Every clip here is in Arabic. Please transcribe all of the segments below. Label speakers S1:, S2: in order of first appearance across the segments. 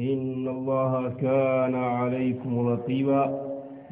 S1: إن الله كان عليكم رقيبا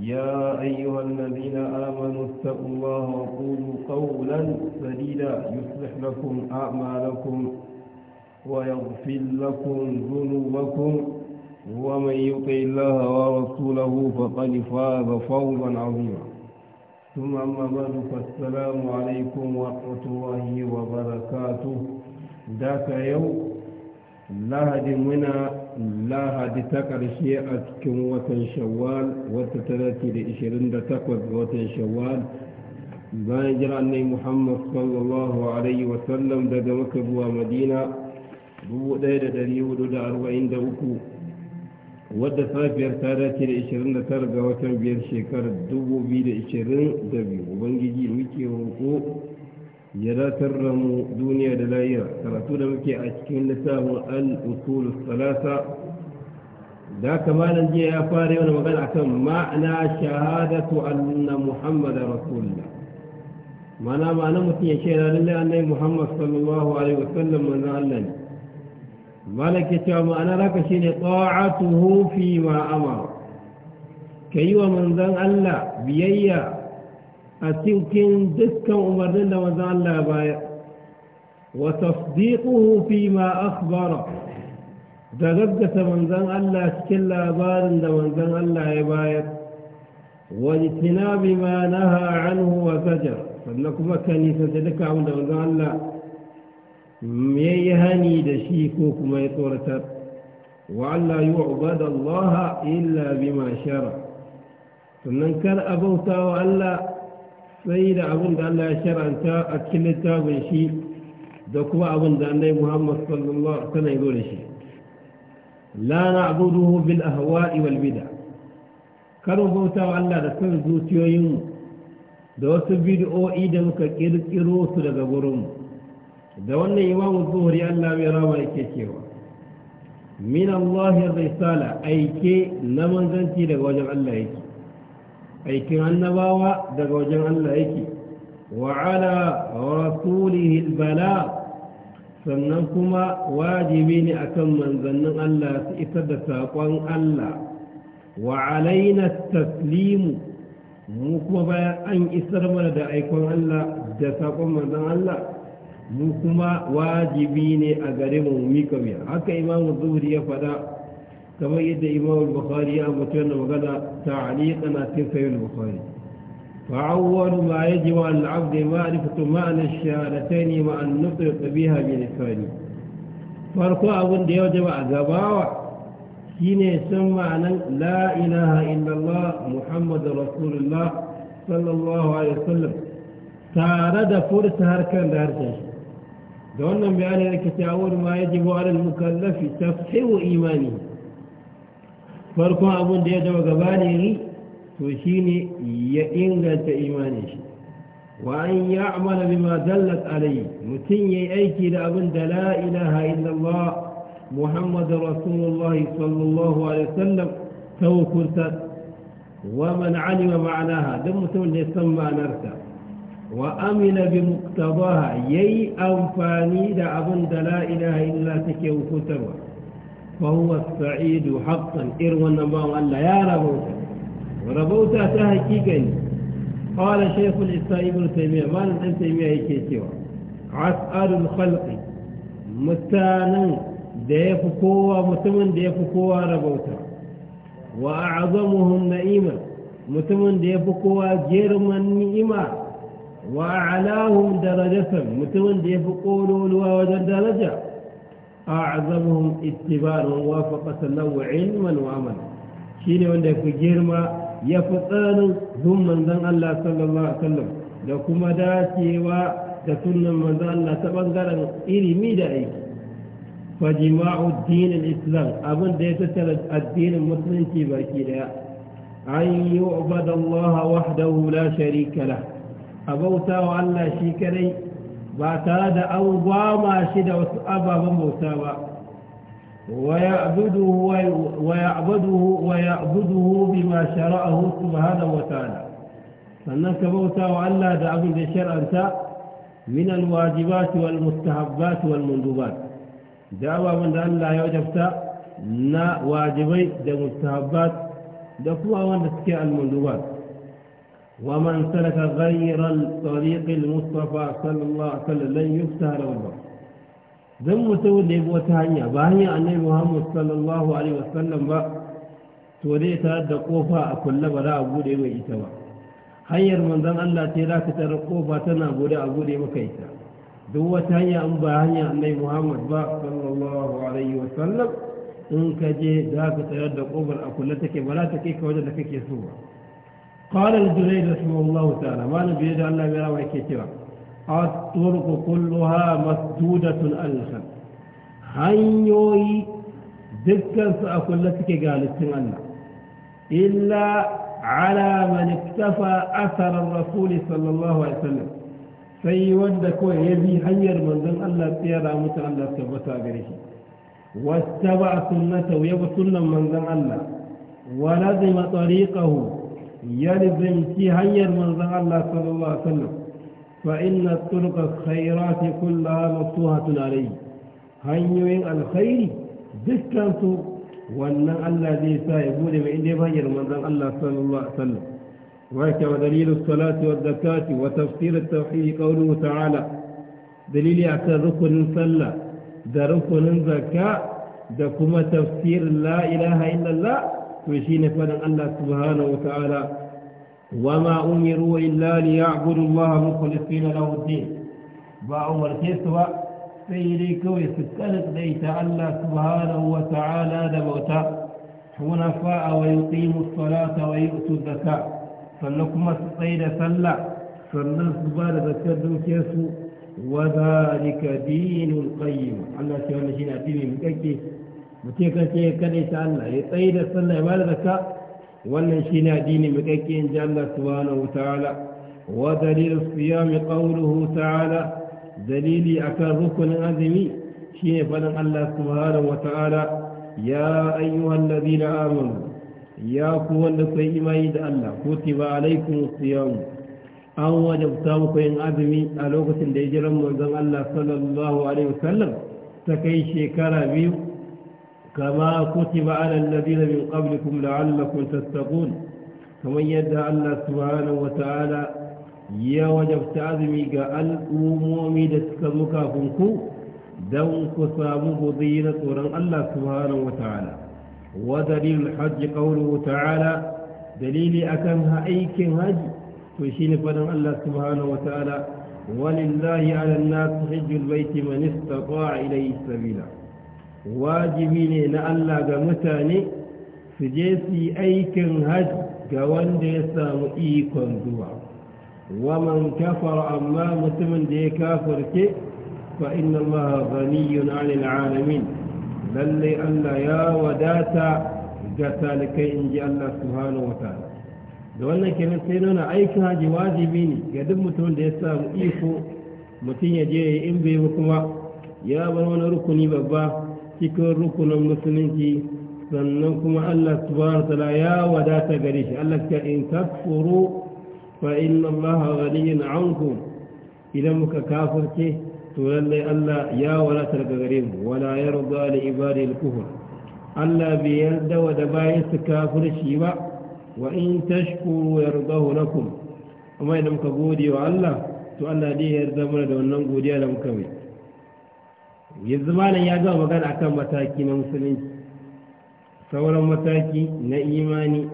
S1: يا أيها الذين آمنوا اتقوا الله وقولوا قولا سديدا يصلح لكم أعمالكم ويغفر لكم ذنوبكم ومن يطع الله ورسوله فقد فاز فوزا عظيما ثم أما بعد فالسلام عليكم ورحمة الله وبركاته ذاك يوم لهد منا lahadi ta ƙarshe a cikin watan shawwal wata ta dace da 28 ga watan shawwal bayan jira annai muhammad sallallahu alaihi wasallam daga maka zuwa madina 1443 wadda safiyar ta dace da 29 ga watan biyar shekarar 2022 ubangiji muke roƙo ya datar da mu duniya da layira karatu da muke a cikin littafin al-usulu salasa da kamalan jiya ya fara yawan magana akan ma'ana shahadatu anna muhammad rasulullah mana ma'ana mutum ya shaida lalle annabi muhammad sallallahu alaihi wasallam manzon Allah ne malaka ya ce ma'ana raka shine ta'atuhu fi ma amara kayi wa manzon Allah biyayya a cikin dukkan umarnin da manzo Allah baya wa tasdiquhu fi ma akhbara da gaggata manzon Allah cikin labarin da manzon Allah ya bayar wa jitinabi ma naha anhu wa zajar sannan kuma ka nisanta duka abin da manzon Allah ya yi hani da shi ko kuma ya tsoratar wa Allah yi wa Allah illa bima shara sannan kar a bautawa Allah sai da abin da Allah ya sharanta a cikin littafin shi da kuma abin da annai Muhammad sallallahu alaihi wasallam ya zo shi la na'buduhu bil ahwa'i wal bid'ah kar mu bauta wa Allah da kan zuciyoyin da wasu bid'o'i da muka kirkiro su daga gurin da wannan imamu zuhri Allah mai rama yake cewa min Allah risala aike na manzanci daga wajen Allah yake أي كمان نباوة دقو جمعنا إيكي وعلى رسوله البلاء سننكما واجبين أكم من ذنن الله سئتد ساقوان الله وعلينا التسليم مكما أن إسرم لدى أيكم الله دساقوان من ذنن الله مكما واجبين أقرموا ميكم هكا إمام الظهر يفدأ كما يد إمام البخاري أمتنا وقال تعليقنا كيف يقول البخاري فأول ما يجب على العبد معرفة معنى الشهادتين مع النطق بها بلساني فارقوا أبن ديو جمع زباوة كين يسمى لا إله إلا الله محمد رسول الله صلى الله عليه وسلم تارد فرس هركان دارتش دوننا بأن الكتاب ما يجب على المكلف تفحيو إيمانه farkon abin da ya zama gaba ne to shi ne ya inganta imanin shi wa an ya amala bima dallat alai mutum ya yi aiki da abin da la ilaha illallah muhammadu rasulullahi sallallahu alaihi wasallam ta hukunta wa man alima ma'anaha don mutum ne san ma'anarta wa amina bi muktabaha yayi amfani da abin da la ilaha illa take hukuntarwa فهو السعيد حقا إروا النباو ألا يا ربوتا وربوتا تهكيكا قال شيخ الإسلام ابن تيمية ما ابن تيمية يكيتوا عسأل الخلق متانا ديفكوا متمن قوة ربوتا وأعظمهم نئيما متمن قوة جرما نئيما وأعلاهم درجة متمن ديف قولوا وجن درجة أعظمهم اتبار وافق تنوع علما وعمل شيني وانده في جرمة يفقان ذم من ذن الله صلى الله عليه وسلم لكم داتي و تسنن من ذن الله تبنغر إلي ميدا فجماع الدين الإسلام أبن ديت الدين المسلم في تباكي أن يعبد الله وحده لا شريك له أبوتا وعلا شيكري ba tare da abubuwa gwama shi da wasu ababen bauta ba wa bi ma shara'ahu subhanahu wa ta'ala sannan ka bauta wa Allah da abin da shar'anta min alwajibat wal mustahabbat wal mundubat da ababen da Allah ya wajabta na wajibai da mustahabbat da kuma wanda suke al mundubat ومن سلك غير الطريق المصطفى صلى الله عليه وسلم لن يفتح له الباب dan mutum da ya bi wata hanya ba hanyar annabi muhammad sallallahu alaihi wasallam ba to dai ta da kofa a kulle ba za a bude mai ita ba hanyar manzon Allah ce za ka tara kofa tana bude a bude maka ita duk wata hanya an ba hanya annabi muhammad ba sallallahu alaihi wasallam in ka je za ka tara da kofar a kulle take ba za ta kai ka wajen da kake so ba قال الجريد رحمه الله تعالى ما نبي يجعل الله يرى ويكتبه الطرق كلها مسدودة ألفا هنيوي دكا سأقول لك قال السنة إلا على من اكتفى أثر الرسول صلى الله عليه وسلم سيودك يبي حير من ذن الله تيرا متعلق بتابره واتبع سنته يبصن من ذن الله ولزم طريقه يلزم هيا من الله صلى الله عليه وسلم فإن الطرق الخيرات كلها مفتوحة عليه هنيوين الخير دكانتو وأن الله ذي سايبون من يبهر من الله صلى الله عليه وسلم وهكذا دليل الصلاة والزكاة وتفسير التوحيد قوله تعالى دليل أكثر ركن صلى ذا ركن زكاة ذا كما تفسير لا إله إلا الله ويشين فلن الله سبحانه وتعالى وما أمروا إلا ليعبدوا الله مخلصين له الدين بعمر تسوى سيري كوي سكنت ليت الله سبحانه وتعالى دموتا حنفاء ويقيموا الصلاة ويؤتوا الزكاة فلنكم الصيد سلا فلنصبر زكاة كيسو وذلك دين القيم الله سبحانه وتعالى mutum kan ce kada ta Allah ya tsaye da sallah ya bada zakka wannan shine addini mai kakkin ji Allah subhanahu ta'ala wa dalilus siyam qawluhu ta'ala dalili akan rukunin azumi shine faɗin Allah subhanahu wata'ala ya ayyuhan ladina amanu ya ku wanda ku yi imani da Allah kutiba alaikum siyam an wajabta muku yin azumi a lokacin da hijiran manzon Allah sallallahu alaihi wasallam ta kai shekara biyu كما كتب على الذين من قبلكم لعلكم تتقون فمن يدعى الله سبحانه وتعالى يا وجب تعظمي قال أمومي لتكذوك فنكو دون قصام بضينة ورن الله سبحانه وتعالى ودليل الحج قوله تعالى دليل أكمها أيك هج تشين فلن الله سبحانه وتعالى ولله على الناس حج البيت من استطاع إليه سبيلا wajibi ne na Allah ga mutane su je su yi aikin hajj ga wanda ya samu ikon zuwa Wa man kafara amma mutumin da ya kafarke fa inna Allah ghaniyun 'anil 'alamin lalle Allah ya wadata ga talikai ji Allah subhanahu wataala da wannan kenan sai nuna aikin haji wajibi ne ga duk mutumin da ya samu iko mutum ya je in bai kuma ya bar wani rukuni babba cikin rukunin musulunci sannan kuma Allah subhanahu wa ya wadata gare shi Allah ka in takfuru fa inna Allah ghaniyyun ankum idan muka kafirce to lallai Allah ya wadata daga gare mu wala yarda li ibadi al-kufr Allah bai yarda wa da bayan su kafirci ba wa in tashkuru yardahu lakum amma idan muka gode wa Allah to Allah dai yarda mana da wannan godiya da muka mai yanzu malam ya gama magana akan mataki na musulunci sauran mataki na imani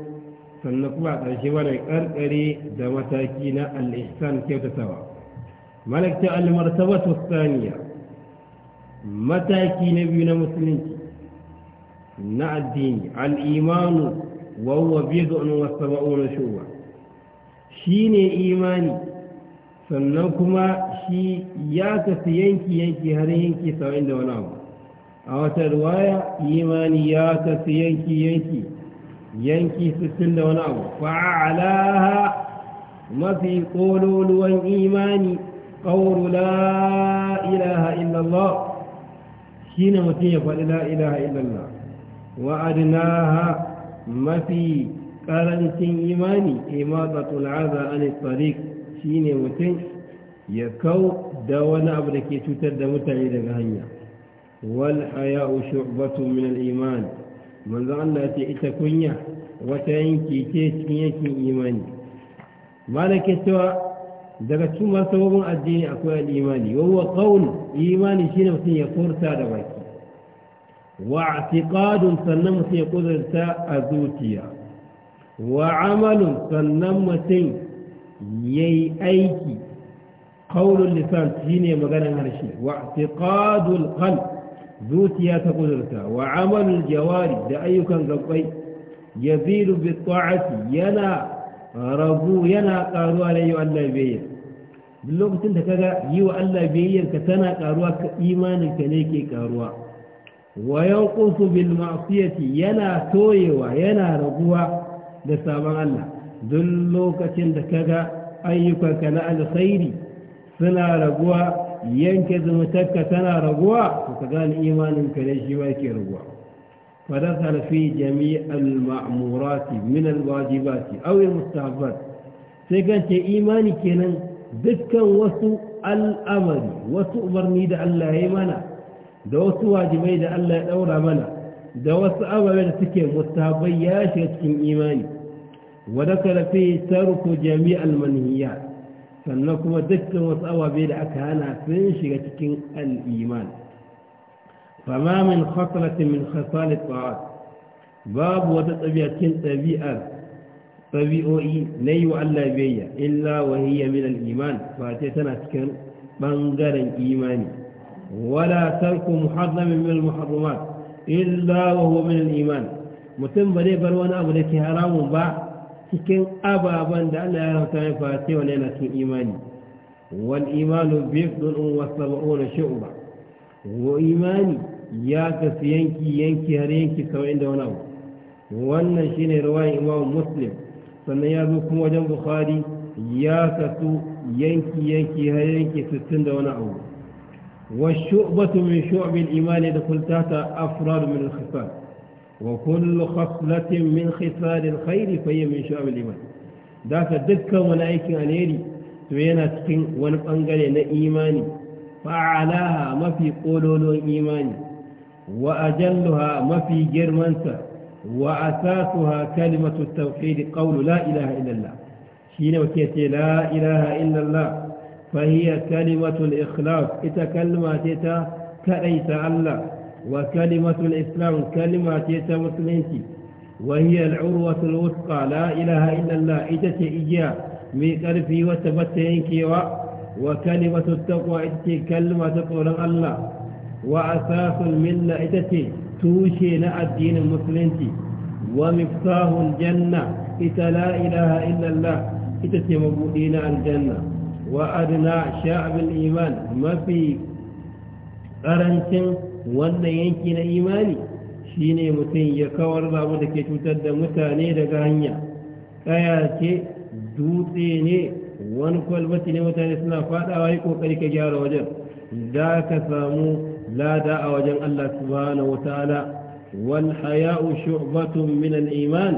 S1: sannan kuma a ƙarshe wani ƙarƙare da mataki na al’isan kyautatawa malakta al-martabatu mataki na biyu na musulunci na addini al-imanu da wani wasu wa na shi ne imani sannan kuma شي يا تسيين كي ين كي هرين كي سوين دو نام او تروايا ايمان يا تسيين كي ين كي ين كي سسن دو نام فعلاها ما في قولوا لوان ايماني قول لا اله الا الله شين متين يقول لا اله الا الله وادناها ما في قرنتين ايماني اماطة العذا عن الطريق شين متين ya kau da wani abu da ke cutar da mutane daga hanya wal haya shu'batu min al-iman manzo Allah ce ita kunya wata yanki ce cikin yankin imani malaka cewa daga cikin masababin addini akwai al-imani wa huwa imani shine mutum ya furta da baki wa i'tiqad sannan mutum ya kudurta a zuciya wa amalun sannan mutum yayi aiki قول اللسان حين مغنى الشيء واعتقاد القلب ذوتية قدرتها وعمل الجواري كان انقضي يزيد بالطاعة ينا ربو ينا قالوا عليه ألا يبين باللغة انت كذا يو ألا يبين كتنا قالوا كإيمان كليكي قالوا ويوقف بالمعصية ينا توي وينا ربو لسامع الله ذلوك انت كذا أيك كناء الخيري suna raguwa yanke zumuntarka tana raguwa to ka gane imanin ka ne shi ba ke raguwa فدخل في جميع المأمورات من الواجبات أو المستحبات سيكون إيماني كنن ذكا وسوء الأمر وسوء برني دع الله يمنع da wasu wajibai da Allah ya daura mana da wasu ababe da suke mustahabai ya shiga cikin imani wadda kalafi tarku jami'al manhiyat sannan kuma dukkan wasu awabe da aka hana sun shiga cikin al'iman fama min khasalatin min khasalit ta'at babu wata tsabiya cikin ɗabi'ar ɗabi'o'i na yi wa Allah biyayya illa wahiyya min al'iman ba ta tana cikin ɓangaren imani wala tarku muharramin min muharramat illa wa huwa min al'iman mutum ba zai bar wani abu da ke haramun ba cikin ababen da Allah ya rauta ya face wa yana cikin imani wal imanu bifdun wa sab'una shu'ba wa imani ya kasu yanki yanki har yanki sau inda wani abu wannan shine riwayar imamu Muslim sannan ya zo kuma wajen Bukhari ya kasu yanki yanki har yanki 60 da wani abu wa shu'batu min shu'bil imani da يدخل تحت أفراد من الخصال وكل خصلة من خصال الخير فهي من شعب الإيمان ذاك دكا أن أيكي أنيري توينا تكين إلى إيمان فأعلاها ما في قولون إيماني وأجلها ما في جرمانسة وأساسها كلمة التوحيد قول لا إله إلا الله شين وكيتي لا إله إلا الله فهي كلمة الإخلاص إتكلمات كليت الله وكلمة الإسلام كلمة يتوسلين وهي العروة الوثقى لا إله إلا الله إتت إياه من قلبي وتبتينك وكلمة التقوى إجت كلمة تقول الله وأساس الملة إجت توشينا الدين المسلمتي ومفتاح الجنة إت لا إله إلا الله إجت مبودين الجنة وأدنى شعب الإيمان ما في قرنشن wannan yanki na imani shine mutum ya kawar da abu da ke cutar da mutane daga hanya kaya ce dutse ne wani kwalbati ne mutane suna fadawa yi kokari ka gyara wajen za ka samu lada a wajen Allah subhanahu wa ta'ala wal haya'u shu'batun min al iman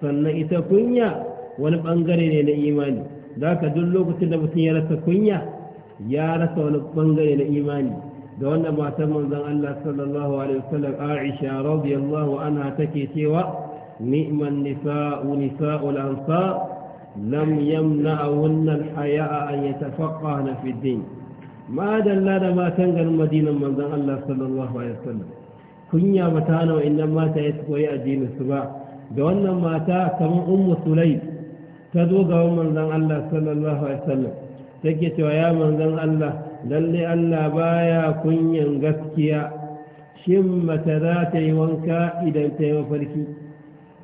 S1: sannan ita kunya wani bangare ne na imani za ka duk lokacin da mutum ya rasa kunya ya rasa wani bangare na imani da wannan matar manzon Allah sallallahu alaihi wasallam Aisha radiyallahu anha take cewa ni'man nisa'u nisa'ul ansar lam yamna'unna al-haya'a an yatafaqqahna fi din ma dalla da matan garin madinan manzon Allah sallallahu alaihi wasallam kunya mata na wa'annan mata ya koyi addinin su ba da wannan mata kamar ummu sulay ta zo ga manzon Allah sallallahu alaihi wasallam take cewa ya manzon Allah lalle Allah baya kunyan gaskiya shin mace za ta yi wanka idan ta yi mafarki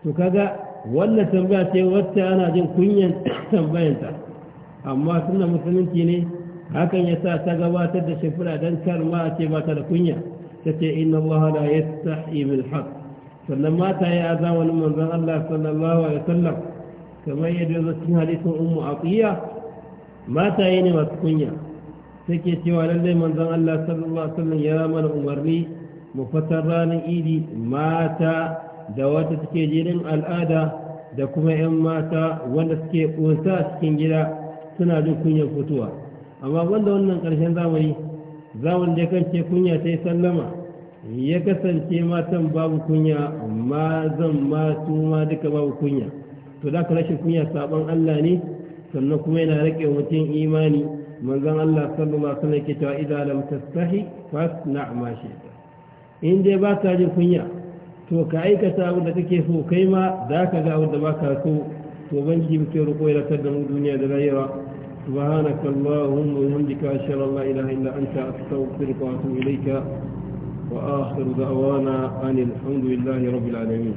S1: to kaga wannan tambaya ce wacce ana jin kunyan tambayanta amma suna musulunci ne hakan ya sa ta gabatar da shimfiɗa don kar ma ce ba ta da kunya ta ce inna Allah la yastahi bil haqq sannan mata ya za wani manzon Allah sallallahu alaihi wasallam kamar yadda zai cikin hadisin ummu aqiya mata ne masu kunya take cewa lallai manzon Allah sallallahu alaihi ya ya mana umarni mu fatar ranar idi mata da wata suke jinin al'ada da kuma 'yan mata wanda suke ƙunsa cikin gida suna jin kunyar fitowa amma wanda wannan ƙarshen zamani zamani da kan ce kunya ta yi sallama ya kasance matan babu kunya ma masu ma duka babu kunya to da rashin kunya sabon Allah ne sannan kuma yana rike mutum imani من قال الله صلى الله عليه وسلم كتوى إذا لم تستحي فاسنع ما شئت إن دي باتا جلقنيا تو كأيك تابو لككيفو كيما ذاك ذاو دباكا تو تو بنجي بكي رقوي لتدنو الدنيا دلائرة سبحانك اللهم وحمدك أشهد الله إله إلا أنت أستغفرك وأتوب إليك وآخر دعوانا أن الحمد لله رب العالمين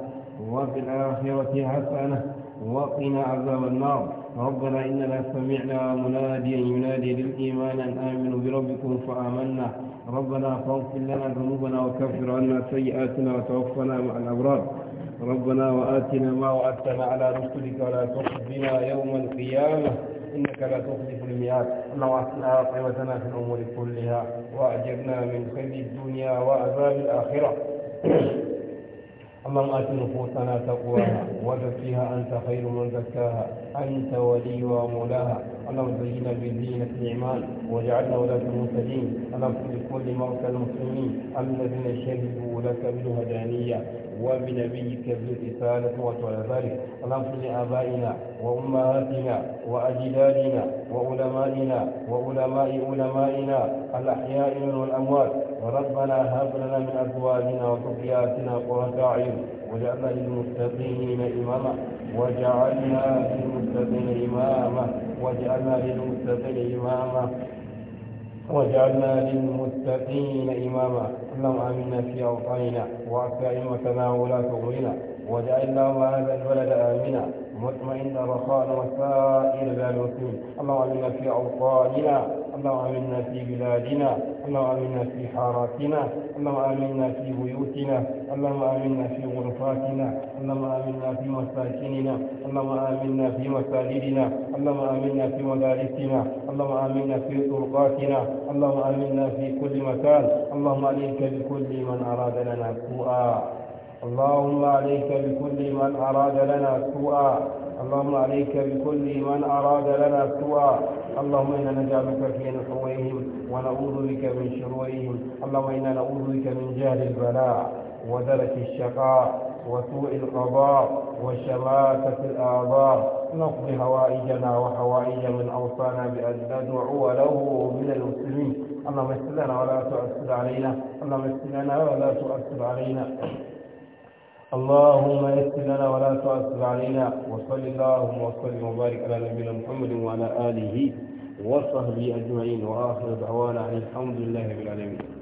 S1: وفي الآخرة حسنة وقنا عذاب النار ربنا إننا سمعنا مناديا ينادي للإيمان أن آمنوا بربكم فآمنا ربنا فاغفر لنا ذنوبنا وكفر عنا سيئاتنا وتوفنا مع الأبرار ربنا وآتنا ما وعدتنا على رسلك ولا تخزنا يوم القيامة إنك لا تخلف الميعاد اللهم أحسن عاقبتنا في الأمور كلها وأجرنا من خزي الدنيا وعذاب الآخرة اللهم آت نفوسنا تقواها وزكها أنت خير من زكاها أنت وليها ومولاها اللهم زينا بزينة الإيمان وجعلنا ولاة المرسلين اللهم لكل موتى المسلمين الذين شهدوا لك بالهدانية وبنبيك بالرسالة وتعالى ذلك اللهم لآبائنا وأمهاتنا وأجدادنا وعلمائنا وعلماء علمائنا الأحياء والأموات وربنا هب لنا من أزواجنا وذرياتنا قرة أعين وجعلنا للمتقين إماما وجعلنا للمتقين إماما وجعلنا للمتقين إماما وجعلنا للمتقين إماما اللهم آمنا في أوطاننا وأعف أئمتنا ولاة أمورنا واجعل اللهم هذا البلد آمنا مطمئنا رخاء وسائر ذا المسلمين اللهم آمنا في أوطاننا اللهم آمنا في بلادنا اللهم آمنا في حاراتنا اللهم آمنا في بيوتنا اللهم آمنا في غرفاتنا اللهم آمنا في مساكننا اللهم آمنا في مساجدنا اللهم آمنا في مدارسنا اللهم آمنا في طرقاتنا اللهم آمنا في كل مكان اللهم عليك بكل من أراد لنا سوءا اللهم عليك بكل من أراد لنا سوءا اللهم عليك بكل من أراد لنا سوءا اللهم إنا نجعلك في نحورهم ونعوذ بك من شرورهم اللهم إنا نعوذ بك من جهل البلاء ودرك الشقاء وسوء القضاء وشماتة الآباء نقض هوائجنا وحوائج من أوصانا بأن ندعو له من المسلمين اللهم اسلنا ولا تؤثر علينا اللهم اسلنا ولا تؤثر علينا اللهم يسر لنا ولا تعسر علينا وصل اللهم وسلم وبارك على نبينا محمد وعلى اله وصحبه اجمعين واخر دعوانا ان الحمد لله رب العالمين